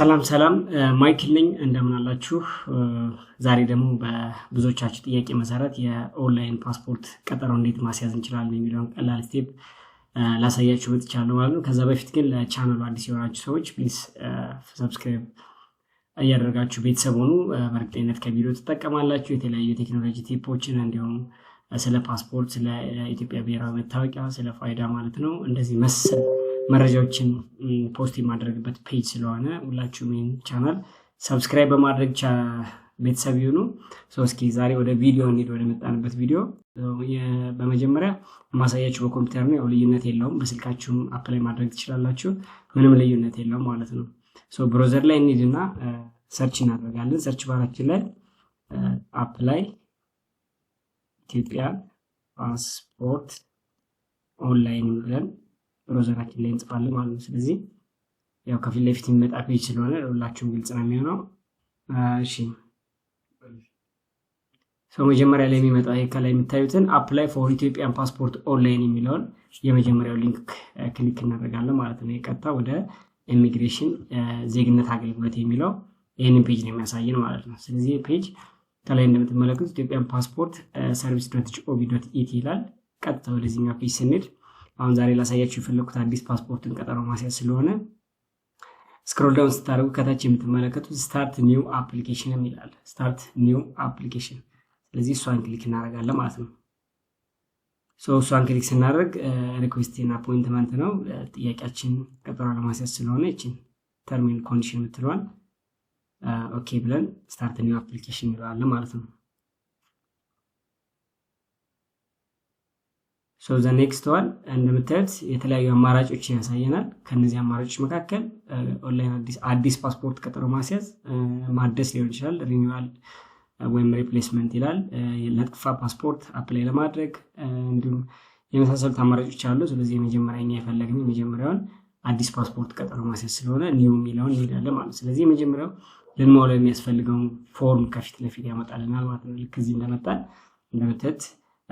ሰላም ሰላም ማይክል ነኝ፣ እንደምን አላችሁ? ዛሬ ደግሞ በብዙዎቻችሁ ጥያቄ መሰረት የኦንላይን ፓስፖርት ቀጠሮ እንዴት ማስያዝ እንችላለን የሚለውን ቀላል ስቴፕ ላሳያችሁ መጥቻለሁ ማለት ነው። ከዛ በፊት ግን ለቻናሉ አዲስ የሆናችሁ ሰዎች ፕሊስ ሰብስክራይብ እያደረጋችሁ ቤተሰብ ሆኑ። በእርግጠኝነት ከቪዲዮ ትጠቀማላችሁ። የተለያዩ የቴክኖሎጂ ቴፖችን እንዲሁም ስለ ፓስፖርት፣ ስለ ኢትዮጵያ ብሔራዊ መታወቂያ፣ ስለ ፋይዳ ማለት ነው እንደዚህ መሰል መረጃዎችን ፖስት የማድረግበት ፔጅ ስለሆነ ሁላችሁም ሜን ቻናል ሰብስክራይብ በማድረግ ቤተሰብ ይሁኑ። እስኪ ዛሬ ወደ ቪዲዮ እንሂድ፣ ወደ መጣንበት ቪዲዮ። በመጀመሪያ ማሳያችሁ በኮምፒውተር ነው። ያው ልዩነት የለውም፣ በስልካችሁም አፕላይ ማድረግ ትችላላችሁ። ምንም ልዩነት የለውም ማለት ነው። ብሮዘር ላይ እና ሰርች እናደርጋለን። ሰርች ባራችን ላይ አፕላይ ኢትዮጵያ ፓስፖርት ኦንላይን ብለን ሮዘራችን ላይ እንጽፋለን ማለት ነው። ስለዚህ ያው ከፊት ለፊት የሚመጣ ፔጅ ስለሆነ ሁላችሁም ግልጽ ነው የሚሆነው። እሺ ሰው መጀመሪያ ላይ የሚመጣው ይህ ከላይ የምታዩትን አፕላይ ፎር ኢትዮጵያን ፓስፖርት ኦንላይን የሚለውን የመጀመሪያው ሊንክ ክሊክ እናደርጋለን ማለት ነው። የቀጥታ ወደ ኢሚግሬሽን ዜግነት አገልግሎት የሚለው ይህንን ፔጅ ነው የሚያሳየን ማለት ነው። ስለዚህ ፔጅ ከላይ እንደምትመለከቱት ኢትዮጵያን ፓስፖርት ሰርቪስ ዶት ጂኦቪ ዶት ኢቲ ይላል። ቀጥታ ወደዚህኛው ፔጅ ስንሄድ አሁን ዛሬ ላሳያችሁ የፈለኩት አዲስ ፓስፖርትን ቀጠሮ ማስያዝ ስለሆነ ስክሮል ዳውን ስታደርጉ ከታች የምትመለከቱት ስታርት ኒው አፕሊኬሽን ይላል። ስታርት ኒው አፕሊኬሽን። ስለዚህ እሷን ክሊክ እናደርጋለን ማለት ነው። እሷን ክሊክ ስናደርግ ሪኩዌስቲን አፖይንትመንት ነው ጥያቄያችን ቀጠሮ ለማስያዝ ስለሆነ ይችን ተርሚን ኮንዲሽን የምትለዋል ኦኬ ብለን ስታርት ኒው አፕሊኬሽን ይለዋለን ማለት ነው። ሶ ዘ ኔክስት ዋን እንደምታዩት የተለያዩ አማራጮችን ያሳየናል። ከነዚህ አማራጮች መካከል ኦንላይን uh, አዲስ ፓስፖርት ቀጠሮ ማስያዝ uh, ማደስ ሊሆን ይችላል። ሪኒዋል ወይም ሪፕሌስመንት ይላል። ለጠፋ uh, ፓስፖርት አፕላይ ለማድረግ እንዲሁም የመሳሰሉት አማራጮች አሉ። ስለዚህ የመጀመሪያ የመጀመሪያኛ የፈለግነው የመጀመሪያውን አዲስ ፓስፖርት ቀጠሮ ማስያዝ ስለሆነ ኒው የሚለውን እንሄዳለን ማለት ስለዚህ የመጀመሪያው ልንሞላው የሚያስፈልገውን ፎርም ከፊት ለፊት ያመጣልናል ማለት ነው። ልክ እዚህ እንደመጣል እንደምትት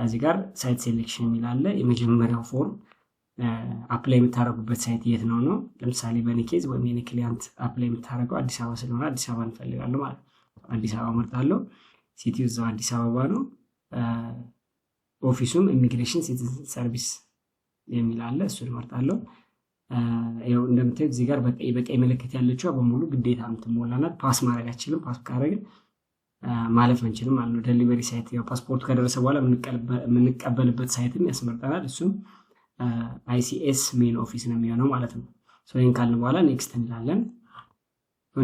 እዚህ ጋር ሳይት ሴሌክሽን የሚላለ የመጀመሪያው ፎርም አፕላይ የምታደረጉበት ሳይት የት ነው ነው። ለምሳሌ በኒኬዝ ወይም የኔ ክሊያንት አፕላይ የምታደረገው አዲስ አበባ ስለሆነ አዲስ አበባ እንፈልጋለሁ ማለት ነው። አዲስ አበባ መርጣለሁ። ሲቲ እዛው አዲስ አበባ ነው። ኦፊሱም ኢሚግሬሽን ሲቲዝን ሰርቪስ የሚላለ እሱን መርጣለሁ። ያው እንደምታዩት እዚህ ጋር በቀይ ምልክት ያለችዋ በሙሉ ግዴታ የምትሞላናት ፓስ ማድረግ አችልም። ፓስ ካረግን ማለፍ አንችልም ማለት ነው። ደሊቨሪ ሳይት ያው ፓስፖርቱ ከደረሰ በኋላ የምንቀበልበት ሳይትም ያስመርጠናል። እሱም አይሲኤስ ሜን ኦፊስ ነው የሚሆነው ማለት ነው። ይህን ካልን በኋላ ኔክስት እንላለን።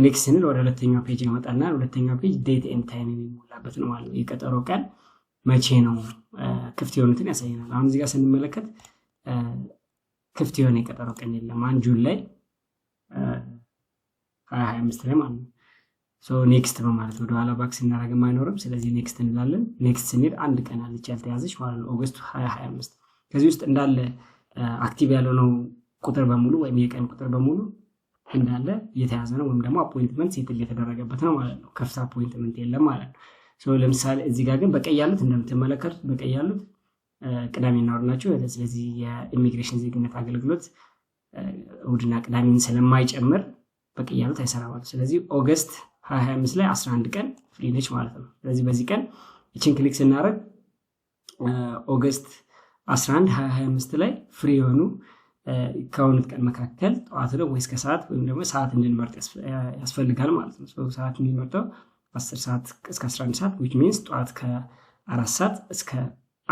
ኔክስት ስንል ወደ ሁለተኛው ፔጅ ያመጣናል። ሁለተኛው ፔጅ ዴት ኤን ታይም የሚሞላበት ነው ማለት ነው። የቀጠሮ ቀን መቼ ነው ክፍት የሆኑትን ያሳየናል። አሁን እዚጋ ስንመለከት ክፍት የሆነ የቀጠሮ ቀን የለም። አንድ ጁን ላይ ሀያ ሀያ አምስት ላይ ማለት ነው ኔክስት በማለት ወደኋላ ባክ ስናደርግም አይኖርም። ስለዚህ ኔክስት እንላለን። ኔክስት ስንሄድ አንድ ቀን አለች ያልተያዘች ማለት ነው ኦገስት 2025 ከዚህ ውስጥ እንዳለ አክቲቭ ያልሆነው ቁጥር በሙሉ ወይም የቀን ቁጥር በሙሉ እንዳለ የተያዘ ነው ወይም ደግሞ አፖይንትመንት ሴትል የተደረገበት ነው ማለት ነው። ከፍታ አፖይንትመንት የለም ማለት ነው። ለምሳሌ እዚህ ጋር ግን በቀይ ያሉት እንደምትመለከቱት በቀይ ያሉት ቅዳሜና እሑድ ናቸው። ስለዚህ የኢሚግሬሽን ዜግነት አገልግሎት እሑድና ቅዳሜን ስለማይጨምር በቀይ ያሉት አይሰራም። ስለዚህ ኦገስት 2025 ላይ 11 ቀን ፍሪ ነች ማለት ነው። ስለዚህ በዚህ ቀን ይችን ክሊክ ስናደረግ ኦገስት 11 2025 ላይ ፍሪ የሆኑ ከሁለት ቀን መካከል ጠዋት ነው ወይስ ከሰዓት ወይም ደግሞ ሰዓት እንድንመርጥ ያስፈልጋል ማለት ነው። ሰዓት የሚመርጠው 10 ሰዓት እስከ 11 ሰዓት ዊች ሚንስ ጠዋት ከአራት ሰዓት እስከ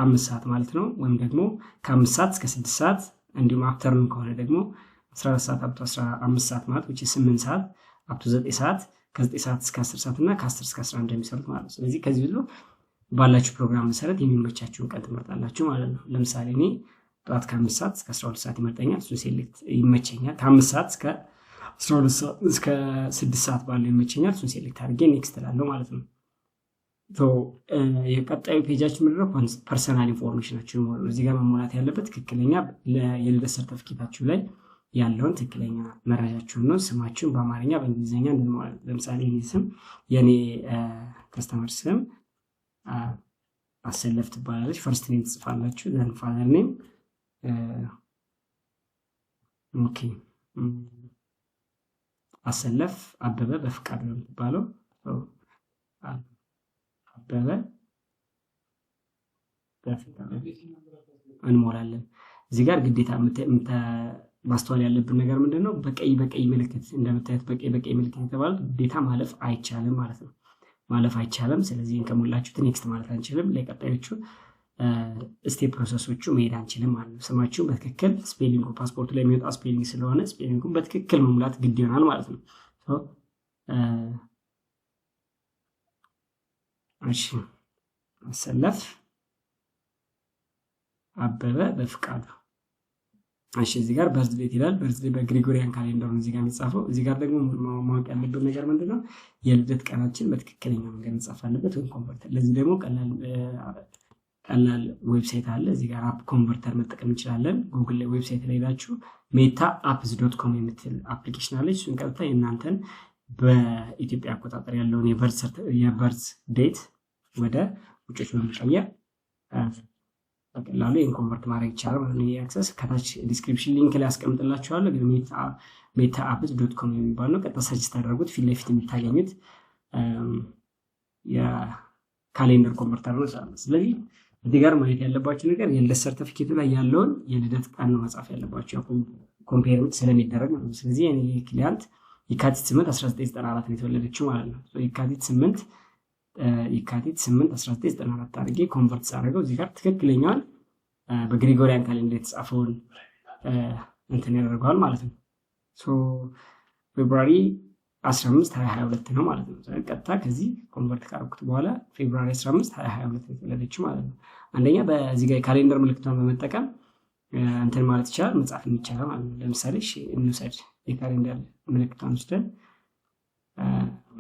አምስት ሰዓት ማለት ነው። ወይም ደግሞ ከአምስት ሰዓት እስከ ስድስት ሰዓት እንዲሁም አፍተርን ከሆነ ደግሞ 14 ሰዓት አብቶ 15 ሰዓት ማለት ስምንት ሰዓት አብቶ ዘጠኝ ሰዓት ከ9 ሰዓት እስከ 10 ሰዓት እና ከ10 እስከ 11 እንደሚሰሩት ማለት ነው። ስለዚህ ከዚህ ባላችሁ ፕሮግራም መሰረት የሚመቻችሁን ቀን ትመርጣላችሁ ማለት ነው። ለምሳሌ እኔ ጠዋት ሰዓት እስከ 12 ሰዓት ይመርጠኛል። እሱ ሴሌክት ይመቸኛል። ከአምስት ሰዓት እስከ 12 እስከ 6 ሰዓት ባለው ይመቸኛል። እሱን ሴሌክት አድርጌ ኔክስት እላለሁ ማለት ነው። የቀጣዩ ፔጃችን ፐርሰናል ኢንፎርሜሽናችሁ እዚህ ጋር መሞላት ያለበት ትክክለኛ የልደት ሰርተፍኬታችሁ ላይ ያለውን ትክክለኛ መረጃችሁን ነው። ስማችሁን በአማርኛ በእንግሊዝኛ እንድንሞላል። ለምሳሌ ይህ ስም የኔ ከስተመር ስም አሰለፍ ትባላለች። ፈርስት ኔም ትጽፋላችሁ። ዘን ፋዘር ኔም ኦኬ አሰለፍ አበበ በፍቃድ ነው የምትባለው። አበበ በፍቃድ እንሞላለን። እዚህ ጋር ግዴታ ማስተዋል ያለብን ነገር ምንድን ነው? በቀይ በቀይ ምልክት እንደምታየት በቀይ በቀይ ምልክት የተባሉት ግዴታ ማለፍ አይቻልም ማለት ነው። ማለፍ አይቻልም። ስለዚህ ከሞላችሁት ኔክስት ማለት አንችልም። ለቀጣዮቹ ስቴ ፕሮሰሶቹ መሄድ አንችልም ማለት ነው። ስማችሁን በትክክል ስፔሊንጉ ፓስፖርቱ ላይ የሚወጣ ስፔሊንግ ስለሆነ ስፔሊንጉን በትክክል መሙላት ግድ ይሆናል ማለት ነው። እሺ መሰለፍ አበበ በፍቃዱ እሺ እዚህ ጋር በርዝ ዴት ይላል። በርዝ ዴት በግሪጎሪያን ካሌንደር እዚህ ጋር የሚጻፈው። እዚህ ጋር ደግሞ ማወቅ ያለብን ነገር ምንድን ነው? የልደት ቀናችን በትክክለኛ መንገድ መጻፍ አለበት ወይም ኮንቨርተር። ለዚህ ደግሞ ቀላል ዌብሳይት አለ። እዚህ ጋር አፕ ኮንቨርተር መጠቀም እንችላለን። ጉግል ላይ ዌብሳይት ላይ ሄዳችሁ ሜታ አፕስ ዶት ኮም የምትል አፕሊኬሽን አለች። እሱን ቀጥታ የእናንተን በኢትዮጵያ አቆጣጠር ያለውን የበርዝ ዴት ወደ ውጮች በመቀየር በቀላሉ ይህን ኮንቨርት ማድረግ ይቻላል ማለት ነው። አክሰስ ከታች ዲስክሪፕሽን ሊንክ ላይ አስቀምጥላችኋለሁ። ግን ሜታ አፕስ ዶት ኮም የሚባል ነው። ቀጥታ ሰርች ታደርጉት ፊት ለፊት የምታገኙት የካሌንደር ኮንቨርተር ነው። ስለዚህ እዚህ ጋር ማየት ያለባቸው ነገር የልደት ሰርተፊኬቱ ላይ ያለውን የልደት ቀን መጻፍ ያለባቸው ኮምፔር ስለሚደረግ ነው። ስለዚህ ክሊያንት የካቲት ስምንት 1994 ነው የተወለደችው ማለት ነው። የካቲት ስምንት የካቲት 8 1994 አድርጌ ኮንቨርት ሳደርገው እዚህ ጋር ትክክለኛዋን በግሪጎሪያን ካሌንደር የተጻፈውን እንትን ያደርገዋል ማለት ነው። ፌብራሪ 15 2022 ነው ማለት ነው። ቀጥታ ከዚህ ኮንቨርት ካረኩት በኋላ ፌብራሪ 15 22 የተወለደች ማለት ነው። አንደኛ በዚህ ጋር የካሌንደር ምልክቷን በመጠቀም እንትን ማለት ይቻላል፣ መጻፍ ይቻላል ማለት ነው። ለምሳሌ እንውሰድ የካሌንደር ምልክቷን ወስደን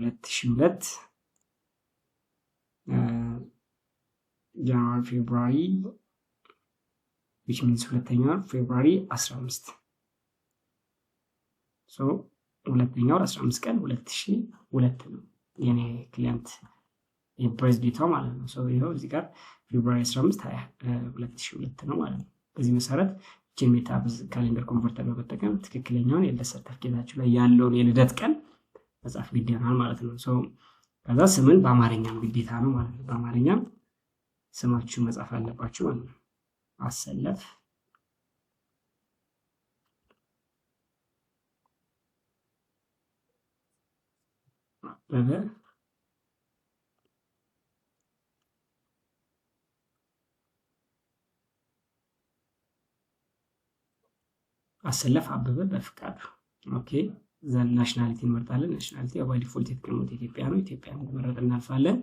2002 ጃንዋሪ ፌብሩዋሪ ዊች ሚንስ ሁለተኛ ወር ፌብሩዋሪ 15 ሶ ሁለተኛ ወር 15 ቀን 2002 ነው የኔ ክሊያንት የፕሬዝ ማለት ነው። ሰው ይኸው እዚህ ጋር ፌብሩዋሪ 15 2002 ነው ማለት ነው። በዚህ መሰረት ችን ሜታብዝ ካሌንደር ኮንቨርተር በመጠቀም ትክክለኛውን የልደት ሰርተፍኬታችሁ ላይ ያለውን የልደት ቀን መጽሐፍ ግድ ይሆናል ማለት ነው። ከዛ ስምን በአማርኛም ግዴታ ነው ማለት ነው። በአማርኛም ስማችሁ መጻፍ አለባችሁ ማለት ነው። አሰለፍ አበበ አሰለፍ አበበ በፍቃድ ኦኬ። ዘን ናሽናሊቲ እንመርጣለን። ናሽናሊቲ ባይ ዲፎልት የተቀመጠ ኢትዮጵያ ነው። ኢትዮጵያ እንደመረጥ እናልፋለን።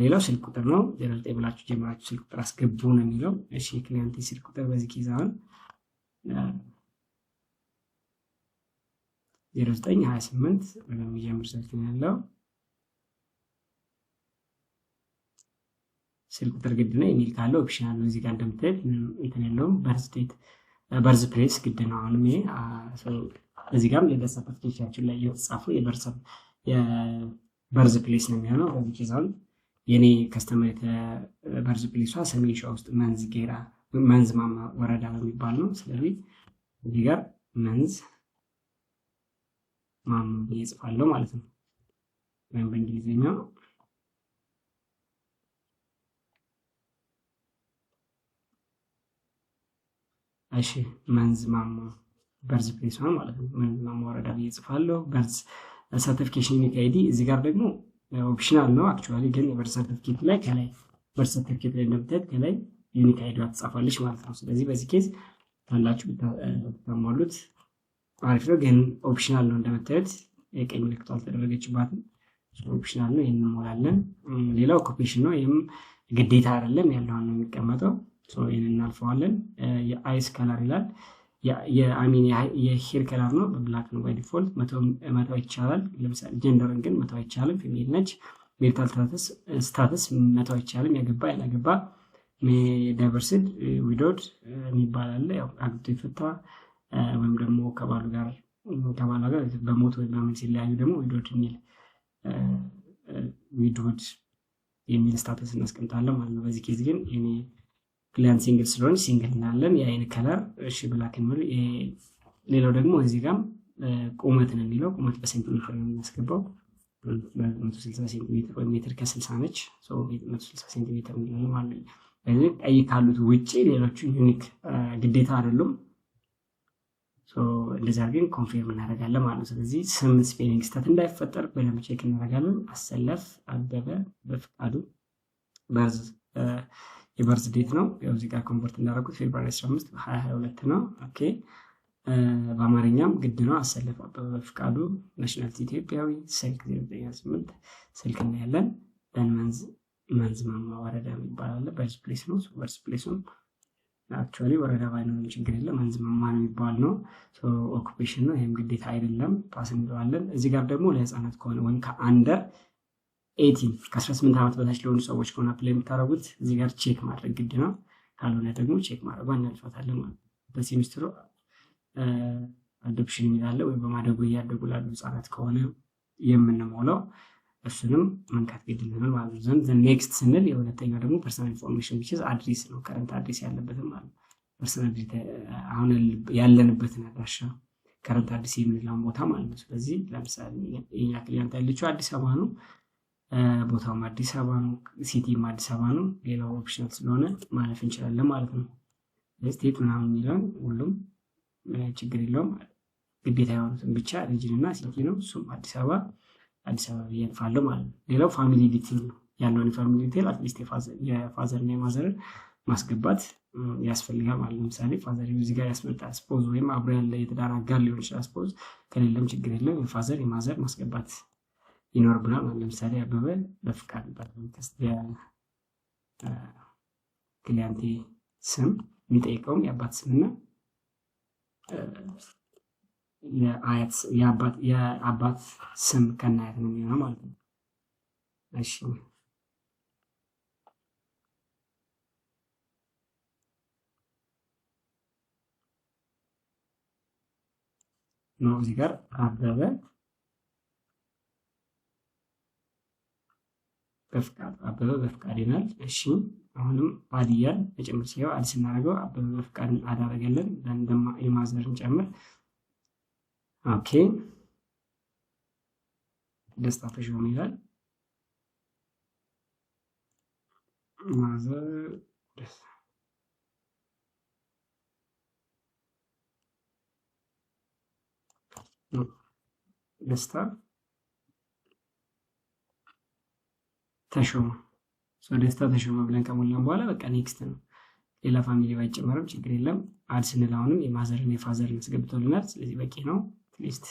ሌላው ስልክ ቁጥር ነው። ዜሮ ዘጠኝ ብላችሁ ጀምራችሁ ስልክ ቁጥር አስገቡ ነው የሚለው። እሺ የክሊያንት ስልክ ቁጥር በዚህ ኬዝ አሁን ዜሮ ዘጠኝ ሀያ ስምንት የሚጀምር ስልክ ነው ያለው። ስልክ ቁጥር ግድ ነው የሚል ካለው ኦፕሽናል ነው። እዚህ ጋር እንደምታየት እንትን የለውም። በርዝ ዴት በርዝ ፕሌስ ግድ ነው። አሁንም ይሄ እዚህ ጋርም የደርስ ሰርተፍኬታችን ላይ የተጻፈው የበርዝ ፕሌስ ነው የሚሆነው በዚህ ኬዝ አሁን የኔ ከስተመር የተበርዝ ፕሊሷ ሰሜን ሸዋ ውስጥ መንዝ ጌራ መንዝ ማማ ወረዳ በሚባል ነው። ስለዚህ እዚህ ጋር መንዝ ማማ ብዬ እጽፋለሁ ማለት ነው። ወይም በእንግሊዝኛ እሺ መንዝ ማማ በርዝ ፕሌስ ማለት ነው። መንዝ ማማ ወረዳ ብዬ እጽፋለሁ። በርዝ ሰርቲፊኬሽን ዩኒክ አይዲ እዚህ ጋር ደግሞ ኦፕሽናል ነው አክቹዋሊ ግን የበርት ሰርቲፊኬት ላይ ከላይ በርት ሰርቲፊኬት ላይ እንደምታየት ከላይ ዩኒክ አይዲ ትጻፋለች ማለት ነው። ስለዚህ በዚህ ኬዝ ታላችሁ ብታሟሉት አሪፍ ነው፣ ግን ኦፕሽናል ነው። እንደምታዩት የቀኝ ምልክቱ አልተደረገችባትም፣ ኦፕሽናል ነው። ይህን እንሞላለን። ሌላ ኦኩፔሽን ነው። ይህም ግዴታ አይደለም፣ ያለውን ነው የሚቀመጠው። ይህን እናልፈዋለን። የአይስ ከለር ይላል የአሚን የሂር ከለር ነው። በብላክ ነው ባይ መተው ይቻላል። ለምሳሌ ጀንደርን ግን መተው አይቻልም። ፊሜል ነች። ሜሪታል ስታትስ መተው አይቻልም። ያገባ ያላገባ፣ ዳይቨርስድ፣ ዊዶድ የሚባል አለ። ያው አግብቶ የፈታ ወይም ደግሞ ከባሉ ጋር ከባሉ ጋር በሞት ወይም በምን ሲለያዩ ደግሞ ዊዶድ የሚል ዊዶድ የሚል ስታትስ እናስቀምጣለን ማለት ነው። በዚህ ኬዝ ግን ክሊያን ሲንግል ስለሆን ሲንግል እናለን የአይን ከለር እሺ ብላክ እንበል። ሌላው ደግሞ እዚህ ጋም ቁመት ነው የሚለው ቁመት በሴንቲሜትር ነው የምናስገባው። 160 ሴንቲሜትር ወይ ሜትር ከ60 ነች። 160 ሴንቲሜትር ማለት ነው። ቀይ ካሉት ውጪ ሌሎቹ ዩኒክ ግዴታ አይደሉም። እንደዚህ አድርገን ኮንፊርም እናደርጋለን ማለት ነው። ስለዚህ ስም ስፔሊንግ ስህተት እንዳይፈጠር በደንብ ቼክ እናደርጋለን። አሰለፍ አበበ በፍቃዱ በርዝ የበርዝ ዴት ነው። ያው እዚህ ኮንቨርት እንዳደረጉት ፌብራሪ 15 በ22 ነው። ኦኬ በአማርኛም ግድ ነው። አሰለፍ አበበ ፍቃዱ ናሽናልቲ ኢትዮጵያዊ፣ ስልክ 098 ስልክ እናያለን። ደን መንዝ መንዝ ማማ ወረዳ የሚባላለ በርዝ ፕሌስ ነው። በርዝ ፕሌሱም አክቹዋሊ ወረዳ ባይኖርም ችግር የለም። መንዝ መማ ነው የሚባል ነው። ኦኩፔሽን ነው። ይህም ግዴታ አይደለም። ፓስ እንለዋለን። እዚህ ጋር ደግሞ ለህፃናት ከሆነ ወይም ከአንደር ኤቲን ከ18 ዓመት በታች ለሆኑ ሰዎች ከሆነ አፕላይ የምታደረጉት እዚህ ጋር ቼክ ማድረግ ግድ ነው። ካልሆነ ደግሞ ቼክ ማድረጉ እናልፋታለን ማለት ነው። በሴሚስትሩ አዶፕሽን የሚላለ ወይም በማደጎ እያደጉ ላሉ ህጻናት ከሆነ የምንሞላው እሱንም መንካት ግድ ይለናል ማለት ነው። ዘንድ ኔክስት ስንል የሁለተኛው ደግሞ ፐርሰናል ኢንፎርሜሽን ቢችዝ አድሬስ ነው። ከረንት አድሬስ ያለበትም ማለት ነው። ፐርሰናል አሁን ያለንበትን አድራሻ ከረንት አዲስ የምንለውን ቦታ ማለት ነው። ስለዚህ ለምሳሌ የኛ ክሊያንት ያለችው አዲስ አበባ ነው። ቦታውም አዲስ አበባ ነው፣ ሲቲም አዲስ አበባ ነው። ሌላው ኦፕሽናል ስለሆነ ማለፍ እንችላለን ማለት ነው። ስቴት ምናምን የሚለውን ሁሉም ችግር የለውም። ግዴታ የሆኑትን ብቻ ሪጅን እና ሲቲ ነው። እሱም አዲስ አበባ አዲስ አበባ ብያልፋለሁ ማለት ነው። ሌላው ፋሚሊ ዲቴል ነው ያለውን ፋሚሊ ዲቴል አትሊስት የፋዘርና የማዘርን ማስገባት ያስፈልጋል ማለት ለምሳሌ ፋዘር እዚህ ጋር ያስመጣ ስፖዝ ወይም አብሮ ያለ የተዳራ ጋር ሊሆን ይችላል ስፖዝ። ከሌለም ችግር የለም የፋዘር የማዘር ማስገባት ይኖርብናል። ለምሳሌ አበበ በፍቃድ ክሊያንቴ ስም የሚጠይቀውም የአባት ስምና የአባት ስም ከናያት ነው የሚሆነው ማለት ነው። እሺ ነው እዚህ ጋር አበበ በፍቃድ አበበ በፍቃድ ይሆናል። እሺ አሁንም አድያን መጨመር ሲገባ አዲስ እናደርገው አበበ በፍቃድ አዳረገለን የማዘርን ጨምር። ኦኬ ደስታ ተሾመ ይላል። ማዘር ደስታ ተሾመ ደስታ ተሾመ ብለን ከሞላን በኋላ በቃ ኔክስት ነው። ሌላ ፋሚሊ ባይጨመርም ችግር የለም። አድ ስንል አሁንም የማዘርን የፋዘርን ያስገብተውልናል። ስለዚህ በቂ ነው። ሊስት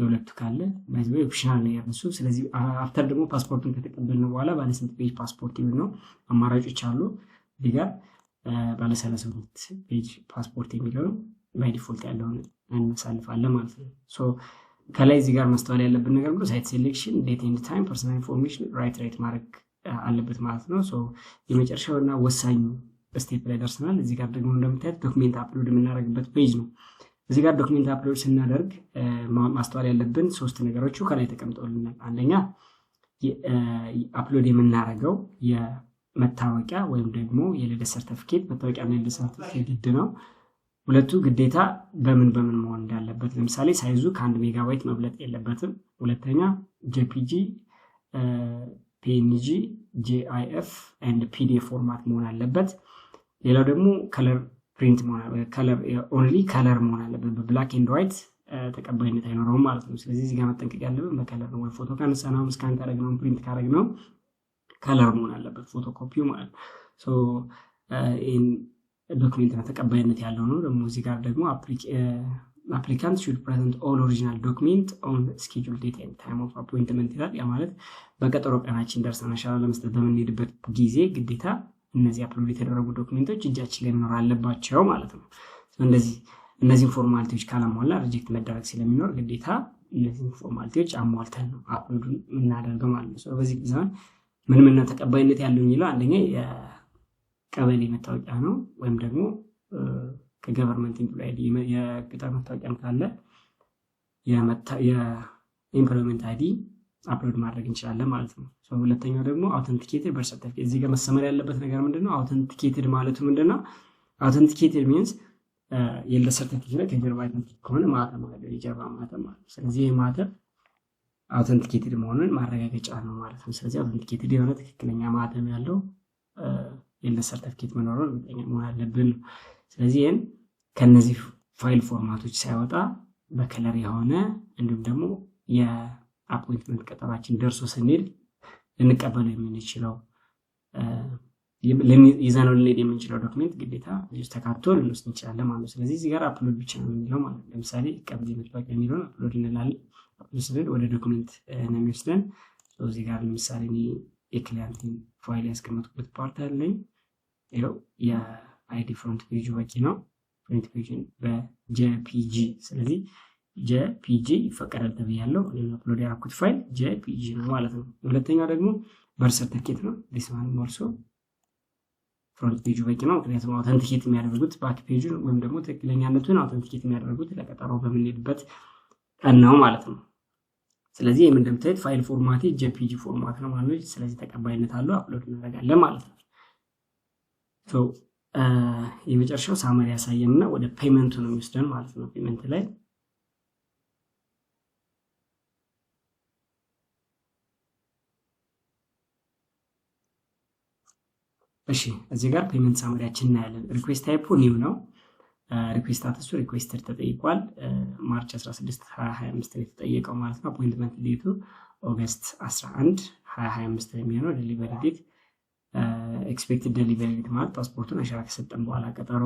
የሁለቱ ካለ በዚህ ኦፕሽናል ነው ያነሱ። ስለዚህ አፍተር ደግሞ ፓስፖርቱን ከተቀበልን በኋላ ባለስንት ፔጅ ፓስፖርት የሚል ነው አማራጮች አሉ። እዚህ ጋር ባለሰላሳ ሁለት ፔጅ ፓስፖርት የሚለውን ባይ ዲፎልት ያለውን እናሳልፋለን ማለት ነው። ከላይ እዚህ ጋር ማስተዋል ያለብን ነገር ብሎ ሳይት ሴሌክሽን ዴት ኤንድ ታይም ፐርሰናል ኢንፎርሜሽን ራይት ራይት ማድረግ uh, አለበት ማለት ነው። የመጨረሻው እና ወሳኙ ስቴፕ ላይ ደርሰናል። እዚህ ጋር ደግሞ እንደምታየት ዶክሜንት አፕሎድ የምናደርግበት ፔጅ ነው። እዚህ ጋር ዶክሜንት አፕሎድ ስናደርግ uh, ማስተዋል ያለብን ሶስት ነገሮቹ ከላይ ተቀምጠውልናል። አንደኛ አፕሎድ uh, የምናደርገው የመታወቂያ ወይም ደግሞ የልደት ሰርተፍኬት መታወቂያና የልደት ሰርተፍኬት ግድ ነው። ሁለቱ ግዴታ በምን በምን መሆን እንዳለበት ለምሳሌ ሳይዙ ከአንድ ሜጋባይት መብለጥ የለበትም። ሁለተኛ ጄፒጂ፣ ፒኤንጂ፣ ጂአይኤፍ ኤንድ ፒዲ ፎርማት መሆን አለበት። ሌላው ደግሞ ከለር ፕሪንት ኦንሊ ከለር መሆን አለበት። በብላክ ኤንድ ዋይት ተቀባይነት አይኖረውም ማለት ነው። ስለዚህ እዚጋ መጠንቀቅ ያለብን በከለር ነው። ወይ ፎቶ ካነሳነው ስካን ካረግነው ፕሪንት ካረግነው ከለር መሆን አለበት ፎቶኮፒው ማለት ነው። ዶክሜንት ነው ተቀባይነት ያለው ነው። ደግሞ እዚህ ጋር ደግሞ አፕሊካንት ሹድ ፕሬዘንት ኦል ኦሪጂናል ዶክሜንት ኦን ስኬጁል ዴት ኤንድ ታይም ኦፍ አፖይንትመንት ይላል። ያ ማለት በቀጠሮ ቀናችን ደርሰ አሻራ ለመስጠት በምንሄድበት ጊዜ ግዴታ እነዚህ አፕሎድ የተደረጉ ዶክሜንቶች እጃችን ላይ መኖር አለባቸው ማለት ነው። እንደዚህ እነዚህን ፎርማሊቲዎች ካላሟላ ሪጀክት መደረግ ስለሚኖር ግዴታ እነዚህን ፎርማሊቲዎች አሟልተን ነው አፕሎዱን የምናደርገው ማለት ነው። በዚህ ጊዜ ምንምና ተቀባይነት ያለው የሚለው አንደኛ ቀበሌ መታወቂያ ነው ወይም ደግሞ ከገቨርንመንት ኤምፕሎይ የቅጥር መታወቂያም ካለ የኤምፕሎይመንት አይዲ አፕሎድ ማድረግ እንችላለን ማለት ነው። ሁለተኛው ደግሞ አውተንቲኬትድ በርዝ ሰርተፊኬት። እዚህ ጋር መሰመር ያለበት ነገር ምንድነው? አውተንቲኬትድ ማለቱ ምንድነው? አውተንቲኬትድ ሚንስ የለ ሰርቲፊኬት ላይ ከጀርባ አይተንቲኬት ከሆነ ማተም አለ፣ የጀርባ ማተም ማለት ስለዚህ ይህ ማተም አውተንቲኬትድ መሆኑን ማረጋገጫ ነው ማለት ነው። ስለዚህ አውተንቲኬትድ የሆነ ትክክለኛ ማተም ያለው የእምነት ሰርተፍኬት መኖሩን እርግጠኛ መሆን አለብን ነው። ስለዚህ ይህን ከነዚህ ፋይል ፎርማቶች ሳይወጣ በከለር የሆነ እንዲሁም ደግሞ የአፖይንትመንት ቀጠሯችን ደርሶ ስንል ልንቀበለው የምንችለው ይዘነው ልንሄድ የምንችለው ዶክሜንት ግዴታ ተካቶ ልንወስድ እንችላለን ማለት ነው። ስለዚህ እዚህ ጋር አፕሎድ ብቻ ነው ማለት ነው። ለምሳሌ ቀብድ መጥባቂያ የሚለውን አፕሎድ እንላለን። አፕሎድ ስንል ወደ ዶክሜንት ነው የሚወስደን። እዚህ ጋር ለምሳሌ የክሊያንቲን ፋይል ያስቀመጥኩበት ፓርት አለኝ። ይኸው የአይዲ ፍሮንት ፔጅ በቂ ነው። ፍሮንት ፔጅን በጀፒጂ ስለዚህ ጀፒጂ ይፈቀዳል ተብያለሁ። አፕሎድ ያደረኩት ፋይል ጀፒጂ ነው ማለት ነው። ሁለተኛ ደግሞ በርዝ ሰርተኬት ነው። ዲስማን ሞርሶ ፍሮንት ፔጁ በቂ ነው። ምክንያቱም አውተንቲኬት የሚያደርጉት ባክ ፔጁን ወይም ደግሞ ትክክለኛነቱን አውተንቲኬት የሚያደርጉት ለቀጠሮ በምንሄድበት ቀን ነው ማለት ነው። ስለዚህ የምንደምታየት ፋይል ፎርማቴ ጀፒጂ ፎርማት ነው ማለት ነው። ስለዚህ ተቀባይነት አለው። አፕሎድ እናደርጋለን ማለት ነው። የመጨረሻው ሳመሪ ያሳየን እና ወደ ፔመንቱ ነው የሚወስደን ማለት ነው። ፔመንት ላይ እሺ እዚህ ጋር ፔመንት ሳመሪያችን እናያለን። ሪኩዌስት ታይፑ ኒው ነው። ሪኩዌስት አተሱ ሪኩዌስተር ተጠይቋል። ማርች 16 2025 ላይ የተጠየቀው ማለት ነው። አፖይንትመንት ዴቱ ኦገስት 11 2025 የሚሆነው ዴሊቨሪ ዴት ኤክስፔክትድ ደሊቨሪ ማለት ፓስፖርቱን አሻራ ከሰጠን በኋላ ቀጠሮ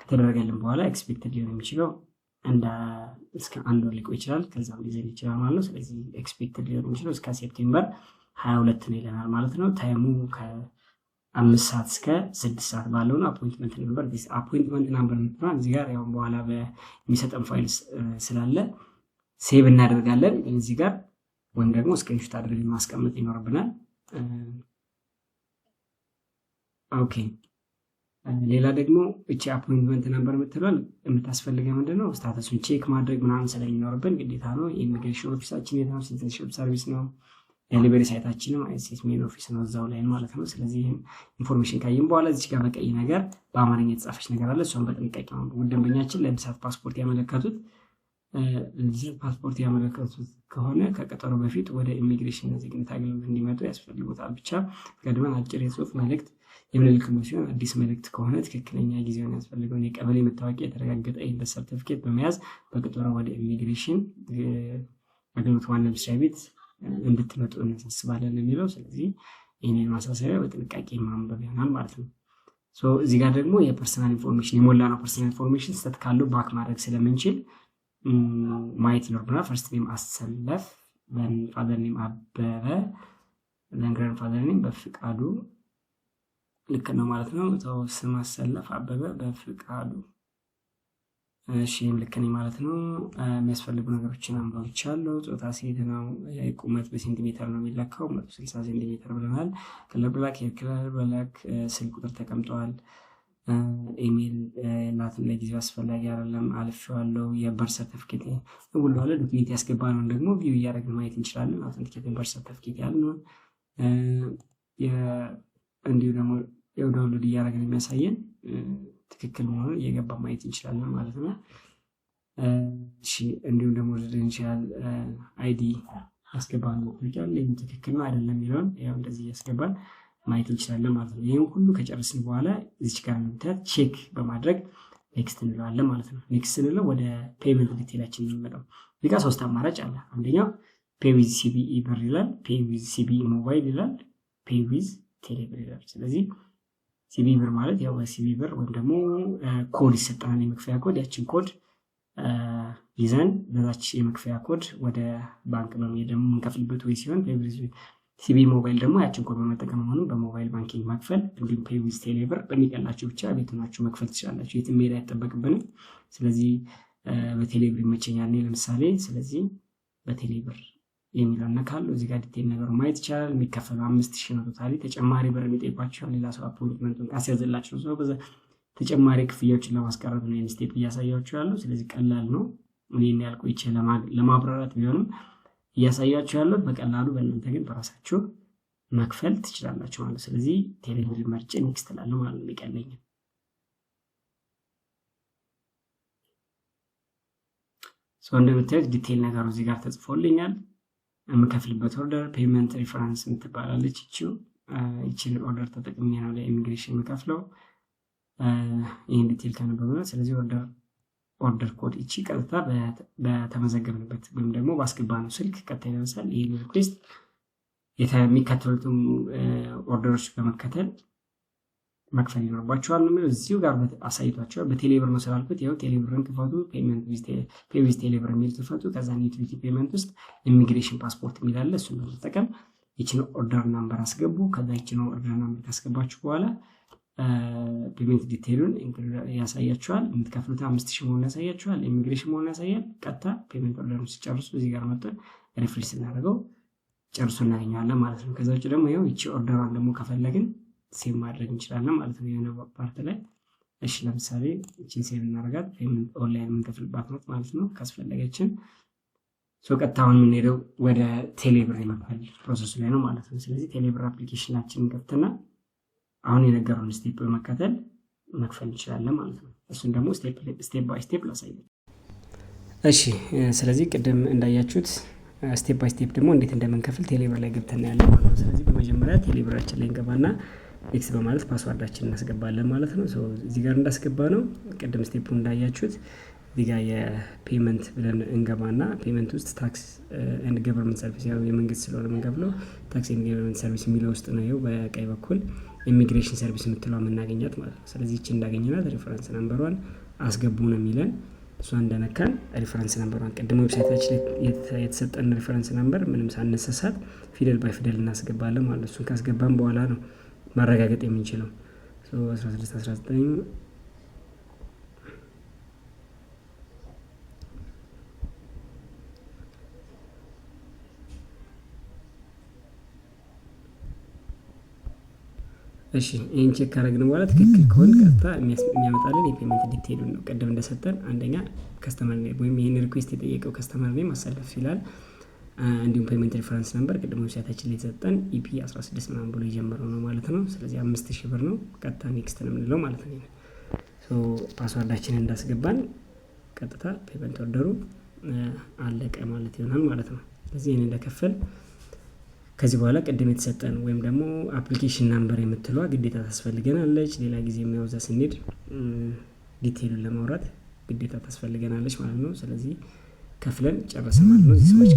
ከተደረገልን በኋላ ኤክስፔክትድ ሊሆን የሚችለው እንደ እስከ አንድ ወር ሊቆይ ይችላል። ከዛ ጊዜ ይችላል ማለት ነው። ስለዚህ ኤክስፔክትድ ሊሆን የሚችለው እስከ ሴፕቴምበር ሀያ ሁለት ነው ይለናል ማለት ነው። ታይሙ ከአምስት ሰዓት እስከ ስድስት ሰዓት ባለው ነው። አፖይንትመንት ነበር አፖይንትመንት ናምበር ምትሆናል እዚህ ጋር ያው በኋላ የሚሰጠን ፋይል ስላለ ሴቭ እናደርጋለን እዚህ ጋር ወይም ደግሞ እስከ እስክሪንሾት አድርገን ማስቀመጥ ይኖርብናል። ኦኬ ሌላ ደግሞ እቺ አፖይንትመንት ነበር የምትለን የምታስፈልገ ምንድን ነው? ስታተሱን ቼክ ማድረግ ምናምን ስለሚኖርብን ግዴታ ነው። የኢሚግሬሽን ኦፊሳችን የት ነው? ሲቲዝንሽፕ ሰርቪስ ነው። ዴሊቨሪ ሳይታችንም አይሴት ሜን ኦፊስ ነው፣ እዛው ላይ ማለት ነው። ስለዚህ ኢንፎርሜሽን ካየም በኋላ እዚች ጋር በቀይ ነገር በአማርኛ የተጻፈች ነገር አለ። እሷን በጥንቃቄ ውድ ደንበኛችን ለእድሳት ፓስፖርት ያመለከቱት ለእድሳት ፓስፖርት ያመለከቱት ከሆነ ከቀጠሮ በፊት ወደ ኢሚግሬሽን ዜግነት አገልግሎት እንዲመጡ ያስፈልጉታል። ብቻ ቀድመን አጭር የጽሁፍ መልእክት የወለድ ሲሆን አዲስ መልእክት ከሆነ ትክክለኛ ጊዜውን ያስፈልገውን የቀበሌ መታወቂያ የተረጋገጠ የልደት ሰርተፍኬት በመያዝ በቅጦራ ወደ ኢሚግሬሽን አገልግሎት ዋና መስሪያ ቤት እንድትመጡ እናሳስባለን የሚለው ስለዚህ ይህንን ማሳሰቢያ በጥንቃቄ ማንበብ ይሆናል ማለት ነው። እዚህ ጋር ደግሞ የፐርሰናል ኢንፎርሜሽን የሞላ ነው ፐርሰናል ኢንፎርሜሽን ስህተት ካለው ባክ ማድረግ ስለምንችል ማየት ይኖርብናል። ፈርስት ኔም አሰለፍ፣ ፋዘር ኔም አበበ፣ ዘንግረን ፋዘር ኔም በፍቃዱ ልክ ነው ማለት ነው። እዛው ስም አሰለፍ አበበ በፍቃዱ እሺም ልክ ነኝ ማለት ነው። የሚያስፈልጉ ነገሮችን አንባብቻለሁ። ጾታ ሴት ነው። ቁመት በሴንቲሜትር ነው የሚለካው፣ መቶ ስልሳ ሴንቲሜትር ብለናል። ከለር ብላክ የክለር ከለር ብላክ። ስልክ ቁጥር ተቀምጠዋል። ኢሜል ላትም ለጊዜው አስፈላጊ አይደለም፣ አልፌዋለሁ። የበር ሰርተፍኬት ውሏለ ዶክሜንት ያስገባ ነው ደግሞ ቪው እያደረግን ማየት እንችላለን። አውተንቲኬት በርዝ ሰርተፍኬት ነው እንዲሁ ደግሞ ያው ዳውንሎድ እያደረግን የሚያሳየን ትክክል መሆኑን እየገባ ማየት እንችላለን ማለት ነው። እንዲሁም ደግሞ ሊሆን ይችላል አይዲ አስገባ ይቻል ይህም ትክክል ነው አይደለም የሚለውን ያው እንደዚህ እያስገባን ማየት እንችላለን ማለት ነው። ይህም ሁሉ ከጨረስን በኋላ እዚች ጋር ምታት ቼክ በማድረግ ኔክስት እንለዋለን ማለት ነው። ኔክስት ስንለው ወደ ፔመንት ዲቴላችን የሚመጣው እዚጋ ሶስት አማራጭ አለ። አንደኛው ፔዊዝ ሲቢኢ ብር ይላል፣ ፔዊዝ ሲቢኢ ሞባይል ይላል፣ ፔዊዝ ቴሌ ስለዚህ ሲቢ ብር ማለት ያው በሲቪ ብር ወይም ደግሞ ኮድ ይሰጠናል፣ የመክፈያ ኮድ። ያችን ኮድ ይዘን በዛች የመክፈያ ኮድ ወደ ባንክ በመሄድ ደግሞ የምንከፍልበት ወይ ሲሆን ሲቪ ሞባይል ደግሞ ያችን ኮድ በመጠቀም መሆኑን በሞባይል ባንኪንግ መክፈል እንዲሁም ፔይ ቴሌብር በሚቀላቸው በሚቀላችሁ ብቻ ቤት ሆናችሁ መክፈል ትችላላችሁ። የትም መሄድ አይጠበቅብንም። ስለዚህ በቴሌ ይመቸኛል እኔ ለምሳሌ። ስለዚህ በቴሌ የሚለው ነካለው። እዚህ ጋር ዲቴል ነገሩ ማየት ይቻላል። የሚከፈሉ አምስት ሺ ነው። ቶታሊ ተጨማሪ ብር የሚጠይቋቸው ሌላ ሰው አፖይንትመንቱን አስያዘላቸው ሰው በዛ ተጨማሪ ክፍያዎችን ለማስቀረት ነው ኢንስቴፕ እያሳያቸው ያለው። ስለዚህ ቀላል ነው። እኔ ያልቆ ይቼ ለማብራራት ቢሆንም እያሳያቸው ያለው በቀላሉ በእናንተ ግን በራሳችሁ መክፈል ትችላላችሁ ማለት። ስለዚህ ቴሌብር መርጬ ኔክስት እላለሁ ማለት ነው የሚቀለኝ ሰው እንደምታዩት ዲቴይል ነገሩ እዚህ ጋር ተጽፎልኛል። የምከፍልበት ኦርደር ፔመንት ሪፈራንስ የምትባላለች እችው ይችን ኦርደር ተጠቅሜ ነው ለኢሚግሬሽን የምከፍለው። ይህን ዲቴል ነው። ስለዚህ ኦርደር ኦርደር ኮድ እቺ ቀጥታ በተመዘገብንበት ወይም ደግሞ ባስገባነው ስልክ ቀጥታ ይደርሳል። ይህን ሪኩዌስት የሚከተሉትን ኦርደሮች በመከተል መክፈል ይኖርባቸዋል ነው የሚለው። እዚሁ ጋር አሳይቷቸዋል። በቴሌብር ነው ስላልኩት ው ቴሌብርን ክፈቱ፣ ፔይ ቴሌብር የሚል ክፈቱ። ከዛ ዩቲሊቲ ፔመንት ውስጥ ኢሚግሬሽን ፓስፖርት የሚላለ እሱን በመጠቀም ይችን ኦርደር ናምበር አስገቡ። ከዛ ይችን ኦርደር ናምበር ካስገባችሁ በኋላ ፔመንት ዲቴሉን ያሳያችኋል። የምትከፍሉት አምስት ሺህ መሆኑን ያሳያችኋል። ኢሚግሬሽን መሆኑን ያሳያል። ቀጥታ ፔመንት ኦርደሩን ሲጨርሱ እዚህ ጋር መጥተን ሪፍሬሽ ስናደርገው ጨርሱ እናገኘዋለን ማለት ነው። ከዛ ውጭ ደግሞ ይኸው ይቺ ኦርደሯን ደግሞ ከፈለግን ሴቭ ማድረግ እንችላለን ማለት ነው። የሆነ ፓርት ላይ እሺ፣ ለምሳሌ እችን ሴቭ እናደርጋት ኦንላይን የምንከፍልባት ናት ማለት ነው። ካስፈለገችን ቀጥታውን የምንሄደው ወደ ቴሌብር የመክፈል ፕሮሰሱ ላይ ነው ማለት ነው። ስለዚህ ቴሌብር አፕሊኬሽናችንን ከፍትና አሁን የነገረውን ስቴፕ በመከተል መክፈል እንችላለን ማለት ነው። እሱን ደግሞ ስቴፕ ባይ ስቴፕ ላሳያል። እሺ፣ ስለዚህ ቅድም እንዳያችሁት ስቴፕ ባይ ስቴፕ ደግሞ እንዴት እንደምንከፍል ቴሌብር ላይ ገብተን ያለ ማለት ነው። ስለዚህ በመጀመሪያ ቴሌብራችን ላይ እንገባና ኤክስ በማለት ፓስዋርዳችን እናስገባለን ማለት ነው። እዚህ ጋር እንዳስገባ ነው ቅድም ስቴፑ እንዳያችሁት እዚህ ጋር የፔመንት ብለን እንገባና ፔመንት ውስጥ ታክስ ኤንድ ገቨርንመንት ሰርቪስ ያው የመንግስት ስለሆነ የምንገብለው ታክስ ኤንድ ገቨርንመንት ሰርቪስ የሚለው ውስጥ ነው። ይኸው በቀኝ በኩል ኢሚግሬሽን ሰርቪስ የምትለው የምናገኛት ማለት ነው። ስለዚህ ይቺ እንዳገኘናት ሪፈረንስ ነንበሯን አስገቡ ነው የሚለን። እሷ እንደነካን ሪፈረንስ ነንበሯን ቅድም ዌብሳይታችን የተሰጠን ሪፈረንስ ነንበር ምንም ሳነሳሳት ፊደል ባይ ፊደል እናስገባለን ማለት እሱን ካስገባን በኋላ ነው ማረጋገጥ የምንችለው 16 እሺ ይህን ቼክ ካረግን በኋላ ትክክል ከሆን ቀጥታ የሚያመጣልን የፔመንት ዲቴይሉን ነው። ቀደም እንደሰጠን አንደኛ ከስተመር ወይም ይህን ሪኩዌስት የጠየቀው ከስተመር ኔም ማሳለፍ ይላል። እንዲሁም ፔመንት ሪፈረንስ ነበር ቅድሞ ዌብሳይታችን ላይ የተሰጠን ኢፒ 16 ምናምን ብሎ የጀመረው ነው ማለት ነው። ስለዚህ አምስት ሺህ ብር ነው ቀጥታ ኔክስት ነው የምንለው ማለት ነው። ፓስዋርዳችን እንዳስገባን ቀጥታ ፔመንት ኦርደሩ አለቀ ማለት ይሆናል ማለት ነው። ስለዚህ ይህን እንደከፈል ከዚህ በኋላ ቅድም የተሰጠን ወይም ደግሞ አፕሊኬሽን ናምበር የምትሏ ግዴታ ታስፈልገናለች። ሌላ ጊዜ የሚያውዛ ስንሄድ ዲቴይሉን ለማውራት ግዴታ ታስፈልገናለች ማለት ነው። ስለዚህ ከፍለን ጨረስን ማለት ነው። እዚህ ሰዎች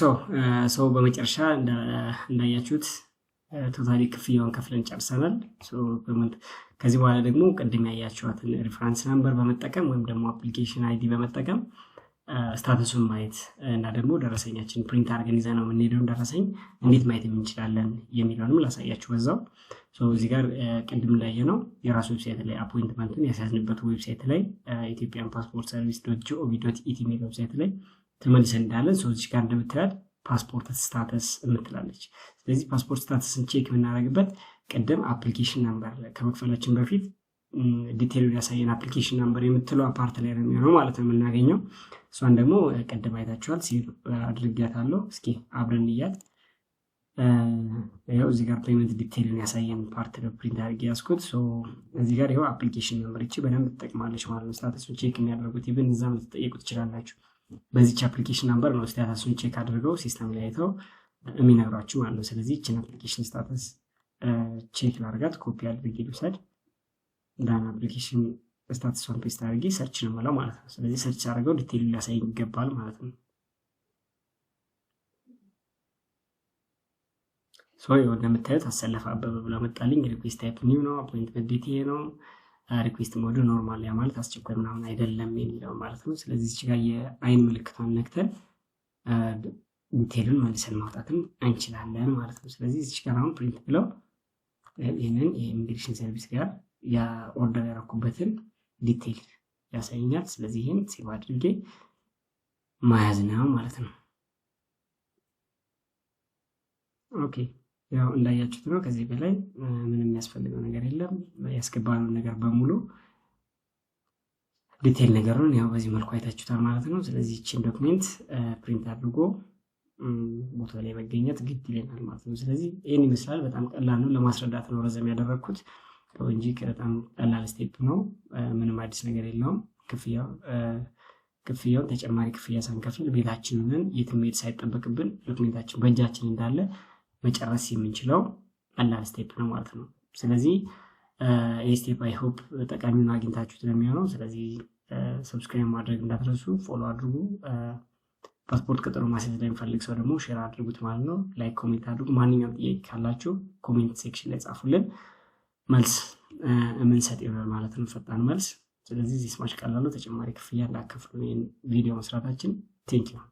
ሰው ሰው በመጨረሻ እንዳያችሁት ቶታሊ ክፍያውን ከፍለን ጨርሰናል። ከዚህ በኋላ ደግሞ ቅድም ያያችኋትን ሪፈረንስ ናምበር በመጠቀም ወይም ደግሞ አፕሊኬሽን አይዲ በመጠቀም ስታተሱን ማየት እና ደግሞ ደረሰኛችን ፕሪንት አድርገን ይዘ ነው የምንሄደውን ደረሰኝ እንዴት ማየት የምንችላለን የሚለውንም ላሳያችሁ በዛው። እዚህ ጋር ቅድም እንዳየ ነው የራሱ ዌብሳይት ላይ አፖይንትመንቱን ያስያዝንበት ዌብሳይት ላይ ኢትዮጵያን ፓስፖርት ሰርቪስ ዶት ጂኦቪ ዶት ኢቲ ዌብሳይት ላይ ተመልሰን እንዳለን ሰው እዚህ ጋር እንደምትላል ፓስፖርት ስታተስ የምትላለች። ስለዚህ ፓስፖርት ስታተስን ቼክ የምናደርግበት ቅድም አፕሊኬሽን ነምበር ከመክፈላችን በፊት ዲቴል ያሳየን አፕሊኬሽን ነምበር የምትለው አፓርት ላይ ነው የሚሆነው ማለት ነው የምናገኘው። እሷን ደግሞ ቅድም አይታችኋል፣ ሴቭ አድርጊያታለሁ። እስኪ አብረን እያት ይኸው እዚህ ጋር ፔመንት ዲቴይልን ያሳየን ፓርት ነው ፕሪንት አድርጌ ያስኩት። እዚህ ጋር ይኸው አፕሊኬሽን ነምበር ይቺ በደንብ ትጠቅማለች ማለት ነው። ስታተሱን ቼክ የሚያደርጉት ኢቨን እዛም ልትጠየቁ ትችላላችሁ። በዚች አፕሊኬሽን ናምበር ነው ስታታሱን ቼክ አድርገው ሲስተም ላይ አይተው የሚነግሯችሁ ማለት ነው። ስለዚህ ይችን አፕሊኬሽን ስታተስ ቼክ ላርጋት፣ ኮፒ አድርጌ ልውሰድ። ዳን አፕሊኬሽን ስታተሷን ፔስት አድርጌ ሰርች ነው የምለው ማለት ነው። ስለዚህ ሰርች አድርገው ዲቴል ሊያሳይ ይገባል ማለት ነው። ሶ እንደምታዩት አሰለፈ አበበ ብሎ መጣልኝ። ሪኩዌስት ታይፕ ኒው ነው። አፖይንትመንት ዴት ነው። ሪኩዌስት ሞዱ ኖርማል ያ ማለት አስቸኳይ ምናምን አይደለም የሚለው ማለት ነው። ስለዚህ እዚህ ጋር የአይን ምልክቷን ነክተን ዲቴይሉን መልሰን ማውጣትም እንችላለን ማለት ነው። ስለዚህ እዚህ ጋር አሁን ፕሪንት ብለው ይህንን የኢሚግሬሽን ሰርቪስ ጋር የኦርደር ያረኩበትን ዲቴይል ያሳይኛል። ስለዚህ ይህን ሴቭ አድርጌ ማያዝ ነው ማለት ነው። ኦኬ ያው እንዳያችሁት ነው። ከዚህ በላይ ምንም የሚያስፈልገው ነገር የለም። ያስገባነውን ነገር በሙሉ ዲቴይል ነገሩን ያው በዚህ መልኩ አይታችሁታል ማለት ነው። ስለዚህ ይችን ዶክሜንት ፕሪንት አድርጎ ቦታ ላይ መገኘት ግድ ይለናል ማለት ነው። ስለዚህ ይህን ይመስላል። በጣም ቀላል ነው። ለማስረዳት ነው ረዘም ያደረግኩት እንጂ በጣም ቀላል ስቴፕ ነው። ምንም አዲስ ነገር የለውም። ክፍያውን ተጨማሪ ክፍያ ሳንከፍል ቤታችንን የትም መሄድ ሳይጠበቅብን ዶክሜንታችን በእጃችን እንዳለ መጨረስ የምንችለው ቀላል ስቴፕ ነው ማለት ነው። ስለዚህ ይህ ስቴፕ አይ ሆፕ ጠቃሚውን አግኝታችሁት ነው የሚሆነው። ስለዚህ ሰብስክራይብ ማድረግ እንዳትረሱ፣ ፎሎ አድርጉ። ፓስፖርት ቀጠሮ ማስያዝ ለሚፈልግ ሰው ደግሞ ሼር አድርጉት ማለት ነው። ላይክ ኮሜንት አድርጉ። ማንኛውም ጥያቄ ካላችሁ ኮሜንት ሴክሽን ላይ ጻፉልን፣ መልስ የምንሰጥ ይሆናል ማለት ነው፣ ፈጣን መልስ። ስለዚህ ዚህ ቀላሉ ተጨማሪ ክፍያ እንዳከፍሉ ቪዲዮ መስራታችን ቴንኪው